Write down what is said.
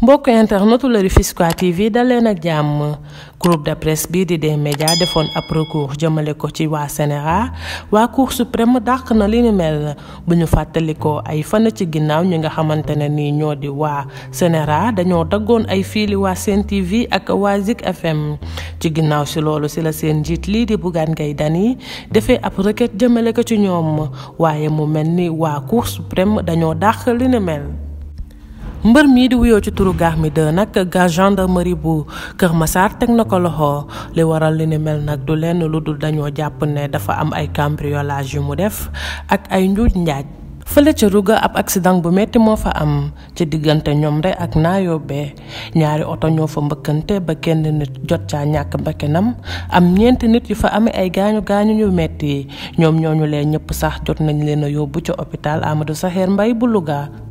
mbokk internetu Lerufisquois TV daleen ak jàmm groupe de presse bii di dee média defoon ab recours jëmale ko ci waa CNRA waa cour suprême dàq na li ni mel bu ñu ko ay fan ci ginnaaw ñi nga xamante ne nii ñoo di waa CNRA dañoo daggoon ay fiili waa Sen ak waa Zik FM ci ginnaaw si loolu si la seen njiit lii di Bougane Gueye Dany defee ab requête jëmale ko ci ñoom waaye mu mel ni waa cour suprême dañoo dàq li ni mel. mbër mii di wuyoo ci turu gaax mi de nag ga gendarmerie bu Kër Massar teg na ko loxo li waral li ni mel nag du lenn lu dul dañoo jàpp ne dafa am ay cambriolage yu mu def ak ay njuuj njaaj fële ca Louga ab accident bu metti moo fa am ci diggante ñoom rek ak Naayoobe ñaari oto ñoo fa mbëkkante ba kenn nit jot caa ñàkk bakkanam am ñeent nit yu fa amee ay gaañu gaañu ñu metti ñoom ñooñu leen ñëpp sax jot nañ leen yóbbu ca hôpital Amadou Sakhir Mbaye bu Louga